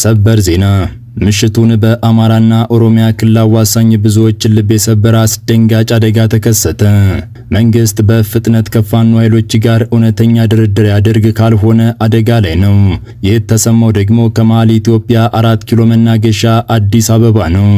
ሰበር ዜና ምሽቱን በአማራና ኦሮሚያ ክልል አዋሳኝ ብዙዎችን ልብ የሰበረ አስደንጋጭ አደጋ ተከሰተ። መንግስት በፍጥነት ከፋኖ ኃይሎች ጋር እውነተኛ ድርድር ያድርግ፣ ካልሆነ አደጋ ላይ ነው። ይህ ተሰማው ደግሞ ከመሃል ኢትዮጵያ አራት ኪሎ መናገሻ አዲስ አበባ ነው።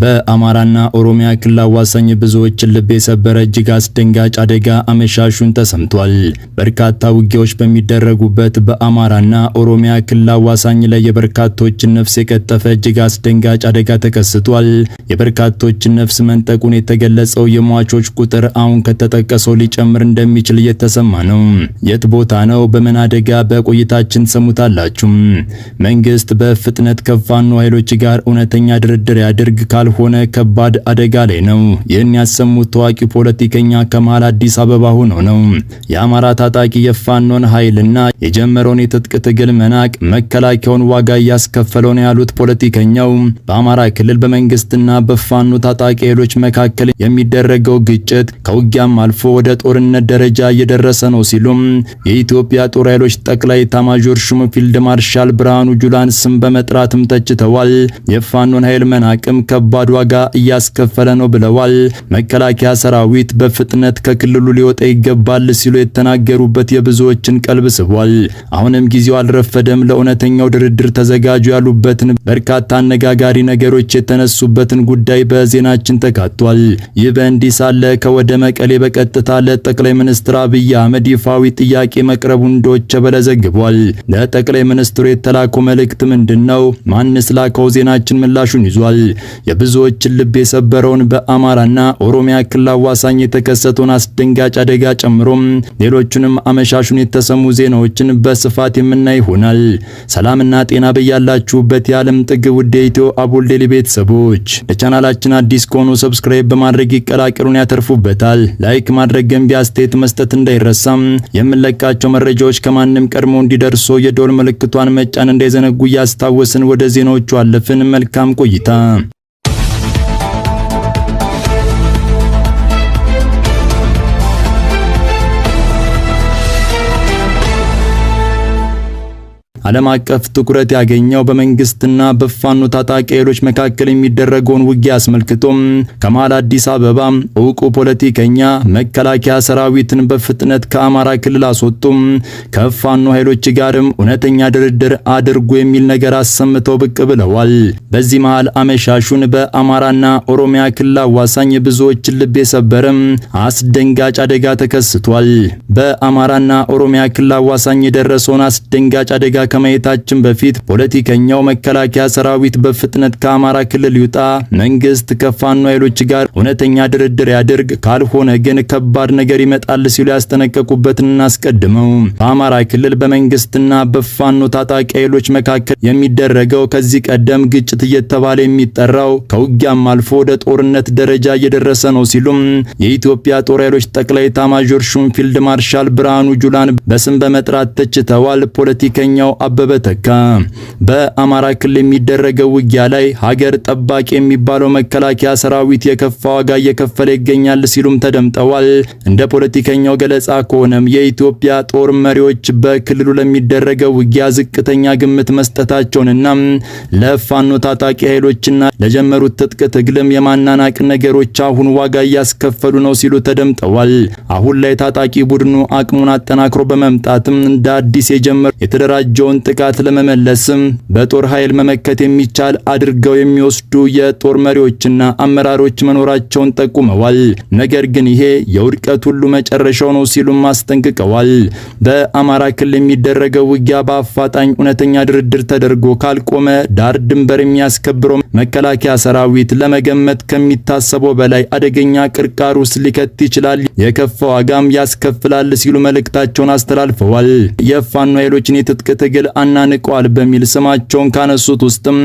በአማራና ኦሮሚያ ክልል አዋሳኝ ብዙዎችን ልብ የሰበረ እጅግ አስደንጋጭ አደጋ አመሻሹን ተሰምቷል። በርካታ ውጊያዎች በሚደረጉበት በአማራና ኦሮሚያ ክልል አዋሳኝ ላይ የበርካቶችን ነፍስ የቀጠፈ እጅግ አስደንጋጭ አደጋ ተከስቷል። የበርካቶችን ነፍስ መንጠቁን የተገለጸው የሟቾች ቁጥር አሁን ከተጠቀሰው ሊጨምር እንደሚችል እየተሰማ ነው። የት ቦታ ነው? በምን አደጋ? በቆይታችን ሰሙታላችሁ። መንግስት በፍጥነት ከፋኖ ኃይሎች ጋር እውነተኛ ድርድር ያድርግ ካልሆነ ከባድ አደጋ ላይ ነው። ይህን ያሰሙት ታዋቂ ፖለቲከኛ ከመሃል አዲስ አበባ ሆኖ ነው። የአማራ ታጣቂ የፋኖን ኃይልና የጀመረውን የትጥቅ ትግል መናቅ መከላከያውን ዋጋ እያስከፈለው ነው ያሉት ፖለቲከኛው በአማራ ክልል በመንግስትና በፋኖ ታጣቂ ኃይሎች መካከል የሚደረገው ግጭት ከውጊያም አልፎ ወደ ጦርነት ደረጃ እየደረሰ ነው ሲሉም የኢትዮጵያ ጦር ኃይሎች ጠቅላይ ኤታማዦር ሹም ፊልድ ማርሻል ብርሃኑ ጁላን ስም በመጥራትም ተችተዋል። የፋኖን ኃይል መናቅም ከ ከባድ ዋጋ እያስከፈለ ነው ብለዋል። መከላከያ ሰራዊት በፍጥነት ከክልሉ ሊወጣ ይገባል ሲሉ የተናገሩበት የብዙዎችን ቀልብ ስቧል። አሁንም ጊዜው አልረፈደም፣ ለእውነተኛው ድርድር ተዘጋጁ ያሉበትን በርካታ አነጋጋሪ ነገሮች የተነሱበትን ጉዳይ በዜናችን ተካቷል። ይህ በእንዲህ ሳለ ከወደ መቀሌ በቀጥታ ለጠቅላይ ሚኒስትር አብይ አህመድ ይፋዊ ጥያቄ መቅረቡን ዶይቼ ቬለ ዘግቧል። ለጠቅላይ ሚኒስትሩ የተላከው መልእክት ምንድነው? ማንስ ላከው? ዜናችን ምላሹን ይዟል። የብዙዎችን ልብ የሰበረውን በአማራና ኦሮሚያ ክልል አዋሳኝ የተከሰተውን አስደንጋጭ አደጋ ጨምሮ ሌሎቹንም አመሻሹን የተሰሙ ዜናዎችን በስፋት የምናይ ይሆናል። ሰላምና ጤና በያላችሁበት የዓለም ጥግ ውድ የኢትዮ አቦል ዴሊ ቤተሰቦች ለቻናላችን አዲስ ከሆኑ ሰብስክራይብ በማድረግ ይቀላቀሉን፣ ያተርፉበታል። ላይክ ማድረግ፣ ገንቢ አስተያየት መስጠት እንዳይረሳም፣ የምንለቃቸው መረጃዎች ከማንም ቀድሞ እንዲደርሶ የደወል ምልክቷን መጫን እንዳይዘነጉ እያስታወስን ወደ ዜናዎቹ አለፍን። መልካም ቆይታ ዓለም አቀፍ ትኩረት ያገኘው በመንግስትና በፋኖ ታጣቂ ኃይሎች መካከል የሚደረገውን ውጊያ አስመልክቶ ከመሃል አዲስ አበባ እውቁ ፖለቲከኛ መከላከያ ሰራዊትን በፍጥነት ከአማራ ክልል አስወጡ፣ ከፋኖ ኃይሎች ጋርም እውነተኛ ድርድር አድርጉ የሚል ነገር አሰምተው ብቅ ብለዋል። በዚህ መሃል አመሻሹን በአማራና ኦሮሚያ ክልል አዋሳኝ ብዙዎችን ልብ የሰበረ አስደንጋጭ አደጋ ተከስቷል። በአማራና ኦሮሚያ ክልል አዋሳኝ የደረሰውን አስደንጋጭ አደጋ ከማየታችን በፊት ፖለቲከኛው መከላከያ ሰራዊት በፍጥነት ከአማራ ክልል ይውጣ፣ መንግስት ከፋኖ ኃይሎች ጋር እውነተኛ ድርድር ያድርግ፣ ካልሆነ ግን ከባድ ነገር ይመጣል ሲሉ ያስጠነቀቁበትን እናስቀድመው። በአማራ ክልል በመንግስትና በፋኖ ታጣቂ ኃይሎች መካከል የሚደረገው ከዚህ ቀደም ግጭት እየተባለ የሚጠራው ከውጊያም አልፎ ወደ ጦርነት ደረጃ እየደረሰ ነው ሲሉም የኢትዮጵያ ጦር ኃይሎች ጠቅላይ ኤታማዦር ሹም ፊልድ ማርሻል ብርሃኑ ጁላን በስም በመጥራት ተችተዋል። ፖለቲከኛው አበበ ተካ በአማራ ክልል የሚደረገው ውጊያ ላይ ሀገር ጠባቂ የሚባለው መከላከያ ሰራዊት የከፋ ዋጋ እየከፈለ ይገኛል ሲሉም ተደምጠዋል። እንደ ፖለቲከኛው ገለጻ ከሆነም የኢትዮጵያ ጦር መሪዎች በክልሉ ለሚደረገው ውጊያ ዝቅተኛ ግምት መስጠታቸውንና ለፋኖ ታጣቂ ኃይሎችና ለጀመሩት ትጥቅ ትግልም የማናናቅ ነገሮች አሁን ዋጋ እያስከፈሉ ነው ሲሉ ተደምጠዋል። አሁን ላይ ታጣቂ ቡድኑ አቅሙን አጠናክሮ በመምጣትም እንደ አዲስ የጀመሩ የተደራጀውን የደረሰውን ጥቃት ለመመለስም በጦር ኃይል መመከት የሚቻል አድርገው የሚወስዱ የጦር መሪዎችና አመራሮች መኖራቸውን ጠቁመዋል። ነገር ግን ይሄ የውድቀት ሁሉ መጨረሻው ነው ሲሉም አስጠንቅቀዋል። በአማራ ክልል የሚደረገው ውጊያ በአፋጣኝ እውነተኛ ድርድር ተደርጎ ካልቆመ ዳር ድንበር የሚያስከብረው መከላከያ ሰራዊት ለመገመት ከሚታሰበው በላይ አደገኛ ቅርቃር ውስጥ ሊከት ይችላል፣ የከፋ ዋጋም ያስከፍላል ሲሉ መልእክታቸውን አስተላልፈዋል። የፋኖ ኃይሎችን የትጥቅ ትግል በሚል አናንቀዋል በሚል ስማቸውን ካነሱት ውስጥም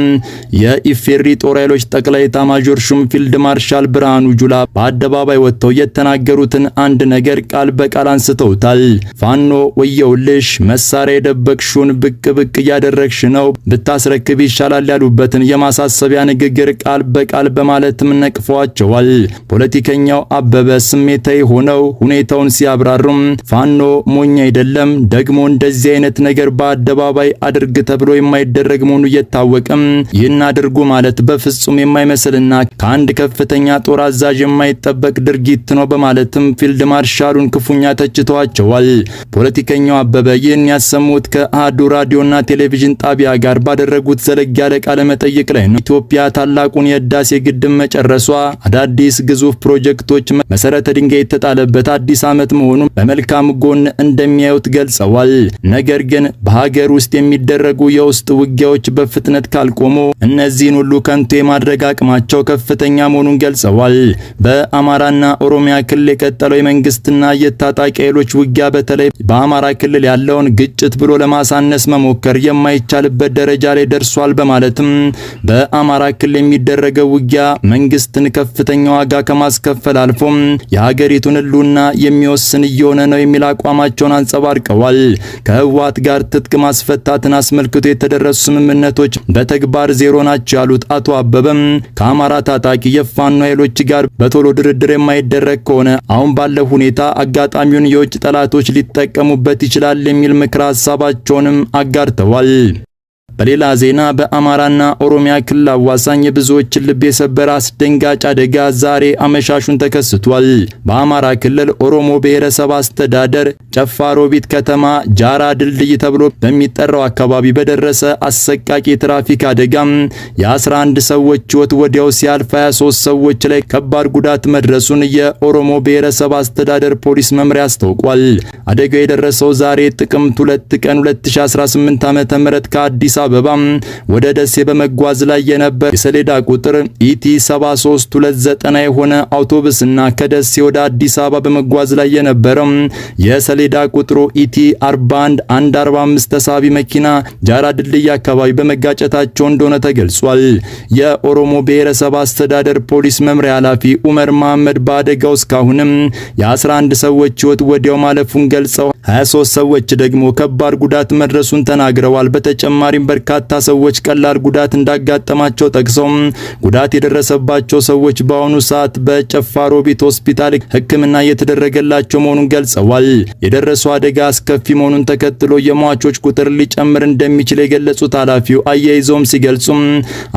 የኢፌሪ ጦር ኃይሎች ጠቅላይ ኤታማዦር ሹም ፊልድ ማርሻል ብርሃኑ ጁላ በአደባባይ ወጥተው የተናገሩትን አንድ ነገር ቃል በቃል አንስተውታል። ፋኖ ወየውልሽ፣ መሳሪያ የደበቅሽውን ብቅ ብቅ እያደረግሽ ነው፣ ብታስረክብ ይሻላል ያሉበትን የማሳሰቢያ ንግግር ቃል በቃል በማለትም ነቅፈዋቸዋል። ፖለቲከኛው አበበ ስሜታዊ ሆነው ሁኔታውን ሲያብራሩም ፋኖ ሞኝ አይደለም፣ ደግሞ እንደዚህ አይነት ነገር በአደባ አደባባይ አድርግ ተብሎ የማይደረግ መሆኑ እየታወቀም ይህን አድርጉ ማለት በፍጹም የማይመስልና ከአንድ ከፍተኛ ጦር አዛዥ የማይጠበቅ ድርጊት ነው በማለትም ፊልድ ማርሻሉን ክፉኛ ተችተዋቸዋል። ፖለቲከኛው አበበ ይህን ያሰሙት ከአህዱ ራዲዮና ቴሌቪዥን ጣቢያ ጋር ባደረጉት ዘለግ ያለ ቃለ መጠይቅ ላይ ነው። ኢትዮጵያ ታላቁን የህዳሴ ግድብ መጨረሷ አዳዲስ ግዙፍ ፕሮጀክቶች መሰረተ ድንጋይ የተጣለበት አዲስ ዓመት መሆኑን በመልካም ጎን እንደሚያዩት ገልጸዋል። ነገር ግን በሀገሩ ውስጥ የሚደረጉ የውስጥ ውጊያዎች በፍጥነት ካልቆሙ እነዚህን ሁሉ ከንቱ የማድረግ አቅማቸው ከፍተኛ መሆኑን ገልጸዋል። በአማራና ኦሮሚያ ክልል የቀጠለው የመንግስትና የታጣቂ ኃይሎች ውጊያ በተለይ በአማራ ክልል ያለውን ግጭት ብሎ ለማሳነስ መሞከር የማይቻልበት ደረጃ ላይ ደርሷል በማለትም በአማራ ክልል የሚደረገው ውጊያ መንግስትን ከፍተኛ ዋጋ ከማስከፈል አልፎም የሀገሪቱን ሕልውና የሚወስን እየሆነ ነው የሚል አቋማቸውን አንጸባርቀዋል። ከህወሓት ጋር ትጥቅ ማስፈታትን አስመልክቶ የተደረሱ ስምምነቶች በተግባር ዜሮ ናቸው ያሉት አቶ አበበም ከአማራ ታጣቂ የፋኖ ኃይሎች ጋር በቶሎ ድርድር የማይደረግ ከሆነ አሁን ባለው ሁኔታ አጋጣሚውን የውጭ ጠላቶች ሊጠቀሙበት ይችላል የሚል ምክረ ሀሳባቸውንም አጋርተዋል። በሌላ ዜና በአማራና ኦሮሚያ ክልል አዋሳኝ የብዙዎችን ልብ የሰበረ አስደንጋጭ አደጋ ዛሬ አመሻሹን ተከስቷል። በአማራ ክልል ኦሮሞ ብሔረሰብ አስተዳደር ጨፋ ሮቢት ከተማ ጃራ ድልድይ ተብሎ በሚጠራው አካባቢ በደረሰ አሰቃቂ የትራፊክ አደጋም የ11 ሰዎች ሕይወት ወዲያው ሲያልፍ 23 ሰዎች ላይ ከባድ ጉዳት መድረሱን የኦሮሞ ብሔረሰብ አስተዳደር ፖሊስ መምሪያ አስታውቋል። አደጋው የደረሰው ዛሬ ጥቅምት 2 ቀን 2018 ዓ.ም ከአዲስ አበባ ወደ ደሴ በመጓዝ ላይ የነበረ የሰሌዳ ቁጥር ኢቲ 7329 የሆነ አውቶቡስና ከደሴ ወደ አዲስ አበባ በመጓዝ ላይ የነበረ የሰሌዳ ቁጥሩ ኢቲ 41145 ተሳቢ መኪና ጃራ ድልድይ አካባቢ በመጋጨታቸው እንደሆነ ተገልጿል። የኦሮሞ ብሔረሰብ አስተዳደር ፖሊስ መምሪያ ኃላፊ ኡመር መሐመድ በአደጋው እስካሁንም የ11 ሰዎች ህይወት ወዲያው ማለፉን ገልጸው 23 ሰዎች ደግሞ ከባድ ጉዳት መድረሱን ተናግረዋል። በተጨማሪም በርካታ ሰዎች ቀላል ጉዳት እንዳጋጠማቸው ጠቅሰው ጉዳት የደረሰባቸው ሰዎች በአሁኑ ሰዓት በጨፋሮ ቤት ሆስፒታል ሕክምና እየተደረገላቸው መሆኑን ገልጸዋል። የደረሰው አደጋ አስከፊ መሆኑን ተከትሎ የሟቾች ቁጥር ሊጨምር እንደሚችል የገለጹት ኃላፊው አያይዘውም ሲገልጹም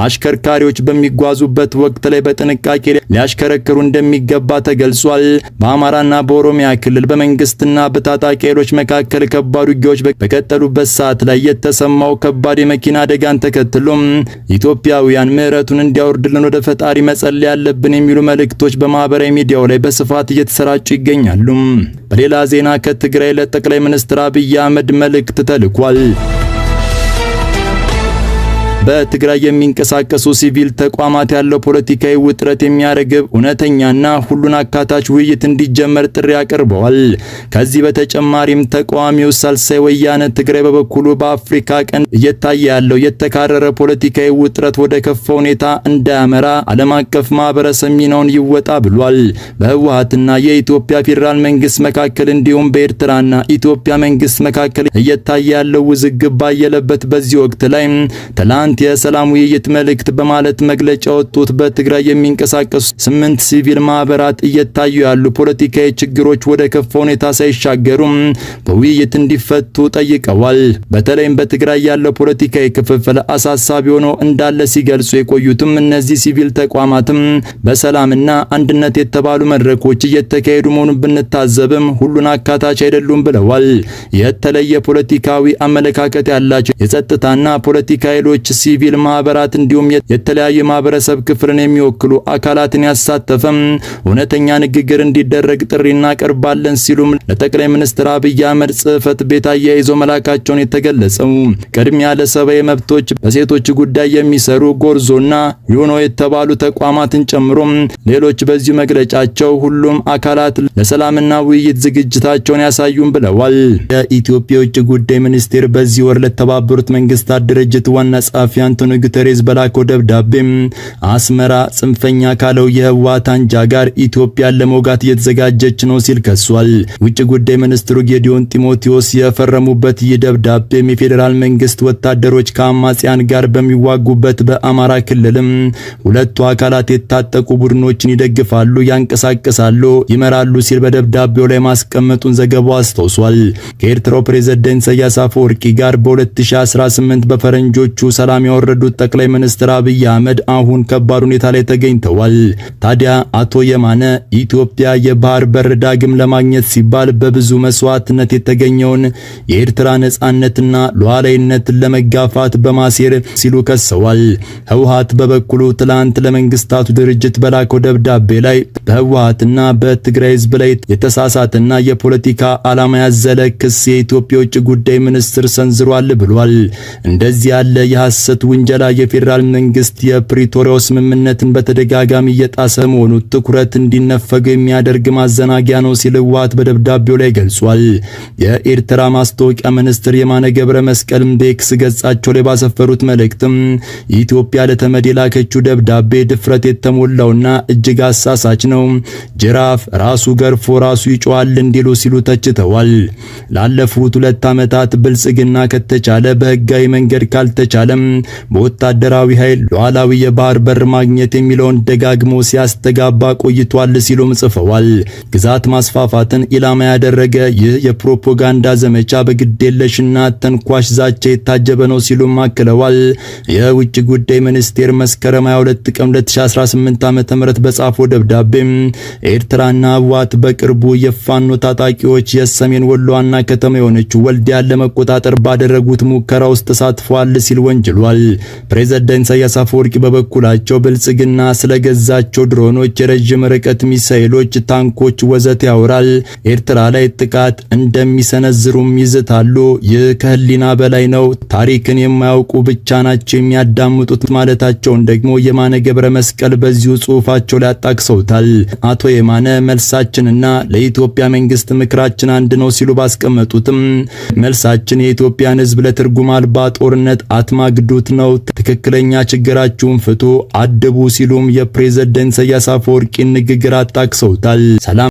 አሽከርካሪዎች በሚጓዙበት ወቅት ላይ በጥንቃቄ ሊያሽከረክሩ እንደሚገባ ተገልጿል። በአማራና በኦሮሚያ ክልል በመንግስትና በታጣቂ ኃይሎች መካከል ከባድ ውጊያዎች በቀጠሉበት ሰዓት ላይ የተሰማው ከባድ የመኪና አደጋን ተከትሎም ኢትዮጵያውያን ምሕረቱን እንዲያወርድልን ወደ ፈጣሪ መጸለይ ያለብን የሚሉ መልእክቶች በማህበራዊ ሚዲያው ላይ በስፋት እየተሰራጩ ይገኛሉ። በሌላ ዜና ከትግራይ ለጠቅላይ ሚኒስትር አብይ አህመድ መልእክት ተልኳል። በትግራይ የሚንቀሳቀሱ ሲቪል ተቋማት ያለው ፖለቲካዊ ውጥረት የሚያረግብ እውነተኛና ሁሉን አካታች ውይይት እንዲጀመር ጥሪ አቅርበዋል። ከዚህ በተጨማሪም ተቃዋሚው ሳልሳይ ወያነ ትግራይ በበኩሉ በአፍሪካ ቀንድ እየታየ ያለው የተካረረ ፖለቲካዊ ውጥረት ወደ ከፋ ሁኔታ እንዳያመራ ዓለም አቀፍ ማህበረሰብ ሚናውን ይወጣ ብሏል። በህወሓትና የኢትዮጵያ ፌዴራል መንግስት መካከል እንዲሁም በኤርትራና ኢትዮጵያ መንግስት መካከል እየታየ ያለው ውዝግብ ባየለበት በዚህ ወቅት ላይ ትናንት የሰላም ውይይት መልእክት በማለት መግለጫ ወጡት። በትግራይ የሚንቀሳቀሱ ስምንት ሲቪል ማህበራት እየታዩ ያሉ ፖለቲካዊ ችግሮች ወደ ከፋ ሁኔታ ሳይሻገሩም በውይይት እንዲፈቱ ጠይቀዋል። በተለይም በትግራይ ያለው ፖለቲካዊ ክፍፍል አሳሳቢ ሆኖ እንዳለ ሲገልጹ የቆዩትም እነዚህ ሲቪል ተቋማትም በሰላምና አንድነት የተባሉ መድረኮች እየተካሄዱ መሆኑን ብንታዘብም ሁሉን አካታች አይደሉም ብለዋል። የተለየ ፖለቲካዊ አመለካከት ያላቸው የጸጥታና ፖለቲካ ኃይሎች ሲቪል ማህበራት እንዲሁም የተለያዩ የማህበረሰብ ክፍልን የሚወክሉ አካላትን ያሳተፈም እውነተኛ ንግግር እንዲደረግ ጥሪ እናቀርባለን ሲሉም ለጠቅላይ ሚኒስትር አብይ አህመድ ጽህፈት ቤት አያይዞ መላካቸውን የተገለጸው ቅድሚያ ለሰብአዊ መብቶች በሴቶች ጉዳይ የሚሰሩ ጎርዞና ዩኖ የተባሉ ተቋማትን ጨምሮ ሌሎች በዚሁ መግለጫቸው ሁሉም አካላት ለሰላምና ውይይት ዝግጅታቸውን ያሳዩም ብለዋል። የኢትዮጵያ የውጭ ጉዳይ ሚኒስቴር በዚህ ወር ለተባበሩት መንግስታት ድርጅት ዋና ጸሐፊ ኃላፊ አንቶኒ ጉተሬዝ በላከው ደብዳቤም አስመራ ጽንፈኛ ካለው የህወሓት አንጃ ጋር ኢትዮጵያን ለመውጋት እየተዘጋጀች ነው ሲል ከሷል። ውጭ ጉዳይ ሚኒስትሩ ጌዲዮን ጢሞቴዎስ የፈረሙበት ይህ ደብዳቤም የፌዴራል መንግስት ወታደሮች ከአማጽያን ጋር በሚዋጉበት በአማራ ክልልም ሁለቱ አካላት የታጠቁ ቡድኖችን ይደግፋሉ፣ ያንቀሳቅሳሉ፣ ይመራሉ ሲል በደብዳቤው ላይ ማስቀመጡን ዘገባው አስታውሷል። ከኤርትራው ፕሬዝዳንት ኢሳያስ አፈወርቂ ጋር በ2018 በፈረንጆቹ ሰላም ከስልጣን ያወረዱት ጠቅላይ ሚኒስትር አብይ አህመድ አሁን ከባድ ሁኔታ ላይ ተገኝተዋል። ታዲያ አቶ የማነ ኢትዮጵያ የባህር በር ዳግም ለማግኘት ሲባል በብዙ መስዋዕትነት የተገኘውን የኤርትራ ነጻነትና ሉዓላዊነትን ለመጋፋት በማሴር ሲሉ ከሰዋል። ህወሓት በበኩሉ ትላንት ለመንግስታቱ ድርጅት በላከው ደብዳቤ ላይ በህወሓትና በትግራይ ህዝብ ላይ የተሳሳተና የፖለቲካ ዓላማ ያዘለ ክስ የኢትዮጵያ የውጭ ጉዳይ ሚኒስትር ሰንዝሯል ብሏል። እንደዚህ ያለ የሀሰ የሐሰት ውንጀላ የፌዴራል መንግስት የፕሪቶሪያው ስምምነትን በተደጋጋሚ እየጣሰ መሆኑ ትኩረት እንዲነፈገው የሚያደርግ ማዘናጊያ ነው ሲል ህወሓት በደብዳቤው ላይ ገልጿል። የኤርትራ ማስታወቂያ ሚኒስትር የማነ ገብረ መስቀልም በኤክስ ገጻቸው ላይ ባሰፈሩት መልእክትም ኢትዮጵያ ለተመድ የላከችው ደብዳቤ ድፍረት የተሞላውና እጅግ አሳሳች ነው፣ ጅራፍ ራሱ ገርፎ ራሱ ይጮዋል እንዲሉ ሲሉ ተችተዋል። ላለፉት ሁለት ዓመታት ብልጽግና ከተቻለ በህጋዊ መንገድ ካልተቻለም በወታደራዊ ኃይል ሉዓላዊ የባህር በር ማግኘት የሚለውን ደጋግሞ ሲያስተጋባ ቆይቷል ሲሉም ጽፈዋል። ግዛት ማስፋፋትን ኢላማ ያደረገ ይህ የፕሮፓጋንዳ ዘመቻ በግዴለሽና ተንኳሽ ዛቻ የታጀበ ነው ሲሉም አክለዋል። የውጭ ጉዳይ ሚኒስቴር መስከረም 22 ቀን 2018 ዓ.ም በጻፈው ደብዳቤም ኤርትራና ህወሓት በቅርቡ የፋኖ ታጣቂዎች የሰሜን ወሎ ዋና ከተማ የሆነችው ወልዲያን ለመቆጣጠር ባደረጉት ሙከራ ውስጥ ተሳትፈዋል ሲል ወንጅሏል። ተናግረዋል። ፕሬዝደንት ኢሳያስ አፈወርቂ በበኩላቸው ብልጽግና ስለገዛቸው ድሮኖች፣ የረዥም ርቀት ሚሳኤሎች፣ ታንኮች ወዘት ያወራል። ኤርትራ ላይ ጥቃት እንደሚሰነዝሩም ይዝታሉ። ይህ ከህሊና በላይ ነው። ታሪክን የማያውቁ ብቻ ናቸው የሚያዳምጡት ማለታቸውን ደግሞ የማነ ገብረ መስቀል በዚሁ ጽሑፋቸው ላይ አጣቅሰውታል። አቶ የማነ መልሳችንና ለኢትዮጵያ መንግስት ምክራችን አንድ ነው ሲሉ ባስቀመጡትም መልሳችን የኢትዮጵያን ህዝብ ለትርጉም አልባ ጦርነት አትማግዱ እያሉት ነው። ትክክለኛ ችግራችሁን ፍቱ፣ አድቡ ሲሉም የፕሬዝደንት ኢሳያስ አፈወርቂን ንግግር አጣቅሰውታል። ሰላም